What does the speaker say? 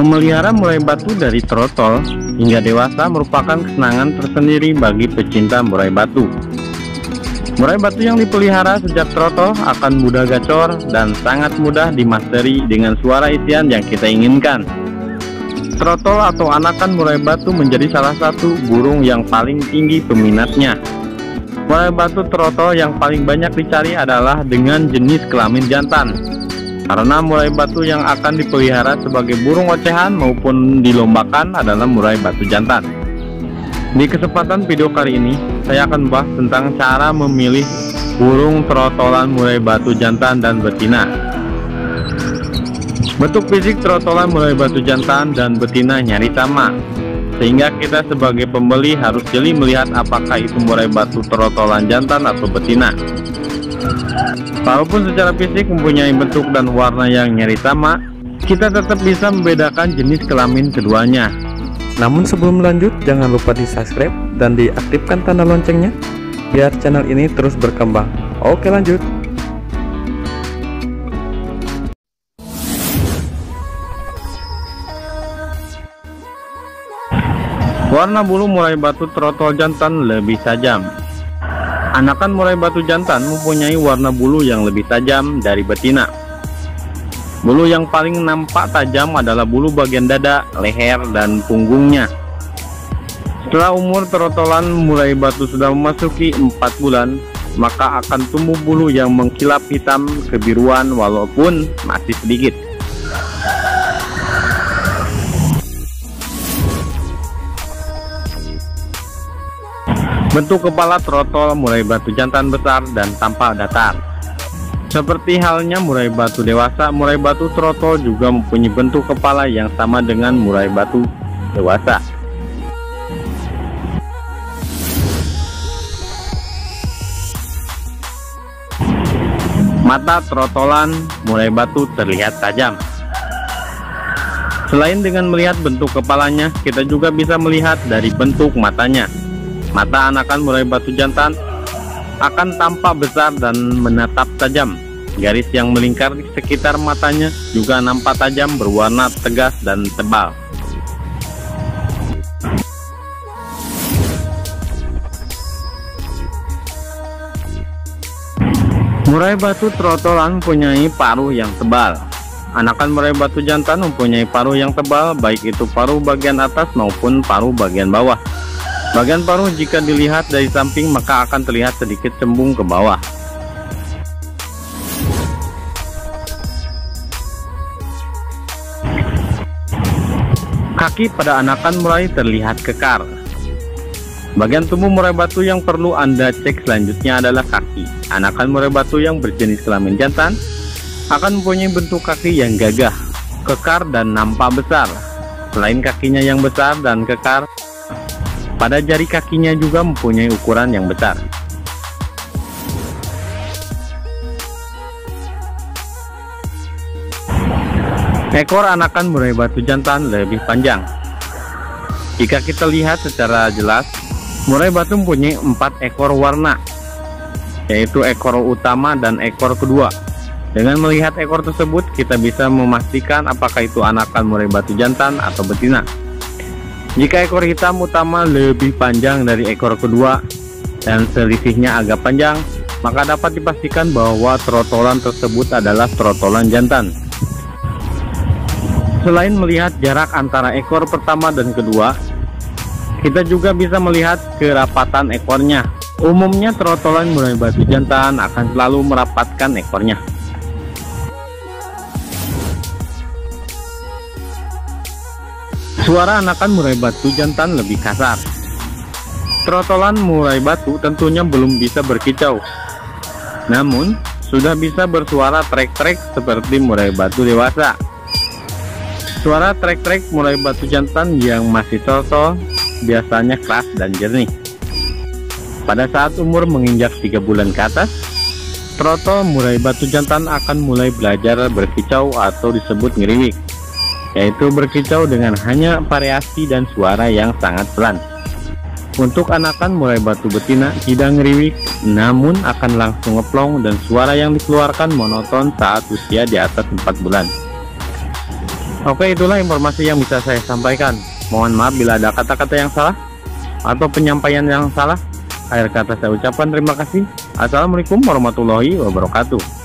Memelihara mulai batu dari trotol hingga dewasa merupakan kesenangan tersendiri bagi pecinta murai batu. Murai batu yang dipelihara sejak trotol akan mudah gacor dan sangat mudah dimasteri dengan suara isian yang kita inginkan. Trotol atau anakan murai batu menjadi salah satu burung yang paling tinggi peminatnya. Murai batu trotol yang paling banyak dicari adalah dengan jenis kelamin jantan, karena murai batu yang akan dipelihara sebagai burung ocehan maupun dilombakan adalah murai batu jantan. Di kesempatan video kali ini, saya akan bahas tentang cara memilih burung trotolan murai batu jantan dan betina. Bentuk fisik trotolan murai batu jantan dan betina nyaris sama, sehingga kita sebagai pembeli harus jeli melihat apakah itu murai batu terotolan jantan atau betina. Walaupun secara fisik mempunyai bentuk dan warna yang nyeri sama, kita tetap bisa membedakan jenis kelamin keduanya. Namun sebelum lanjut, jangan lupa di subscribe dan diaktifkan tanda loncengnya, biar channel ini terus berkembang. Oke lanjut! Warna bulu murai batu trotol jantan lebih tajam. Anakan murai batu jantan mempunyai warna bulu yang lebih tajam dari betina. Bulu yang paling nampak tajam adalah bulu bagian dada, leher, dan punggungnya. Setelah umur terotolan murai batu sudah memasuki 4 bulan, maka akan tumbuh bulu yang mengkilap hitam kebiruan walaupun masih sedikit. Bentuk kepala trotol mulai batu jantan besar dan tampak datar. Seperti halnya murai batu dewasa, murai batu trotol juga mempunyai bentuk kepala yang sama dengan murai batu dewasa. Mata trotolan murai batu terlihat tajam. Selain dengan melihat bentuk kepalanya, kita juga bisa melihat dari bentuk matanya. Mata anakan mulai batu jantan akan tampak besar dan menatap tajam. Garis yang melingkar di sekitar matanya juga nampak tajam berwarna tegas dan tebal. Murai batu trotolan mempunyai paruh yang tebal. Anakan murai batu jantan mempunyai paruh yang tebal, baik itu paruh bagian atas maupun paruh bagian bawah. Bagian paruh jika dilihat dari samping maka akan terlihat sedikit cembung ke bawah. Kaki pada anakan mulai terlihat kekar. Bagian tubuh murai batu yang perlu Anda cek selanjutnya adalah kaki. Anakan murai batu yang berjenis kelamin jantan akan mempunyai bentuk kaki yang gagah, kekar, dan nampak besar. Selain kakinya yang besar dan kekar, pada jari kakinya juga mempunyai ukuran yang besar. Ekor anakan murai batu jantan lebih panjang. Jika kita lihat secara jelas, murai batu mempunyai empat ekor warna, yaitu ekor utama dan ekor kedua. Dengan melihat ekor tersebut, kita bisa memastikan apakah itu anakan murai batu jantan atau betina. Jika ekor hitam utama lebih panjang dari ekor kedua dan selisihnya agak panjang, maka dapat dipastikan bahwa trotolan tersebut adalah trotolan jantan. Selain melihat jarak antara ekor pertama dan kedua, kita juga bisa melihat kerapatan ekornya. Umumnya trotolan mulai batu jantan akan selalu merapatkan ekornya. Suara anakan murai batu jantan lebih kasar. Trotolan murai batu tentunya belum bisa berkicau. Namun, sudah bisa bersuara trek-trek seperti murai batu dewasa. Suara trek-trek murai batu jantan yang masih trotol biasanya keras dan jernih. Pada saat umur menginjak 3 bulan ke atas, trotol murai batu jantan akan mulai belajar berkicau atau disebut ngeriwik yaitu berkicau dengan hanya variasi dan suara yang sangat pelan. Untuk anakan mulai batu betina tidak ngeriwik, namun akan langsung ngeplong dan suara yang dikeluarkan monoton saat usia di atas 4 bulan. Oke itulah informasi yang bisa saya sampaikan. Mohon maaf bila ada kata-kata yang salah atau penyampaian yang salah. Akhir kata saya ucapkan terima kasih. Assalamualaikum warahmatullahi wabarakatuh.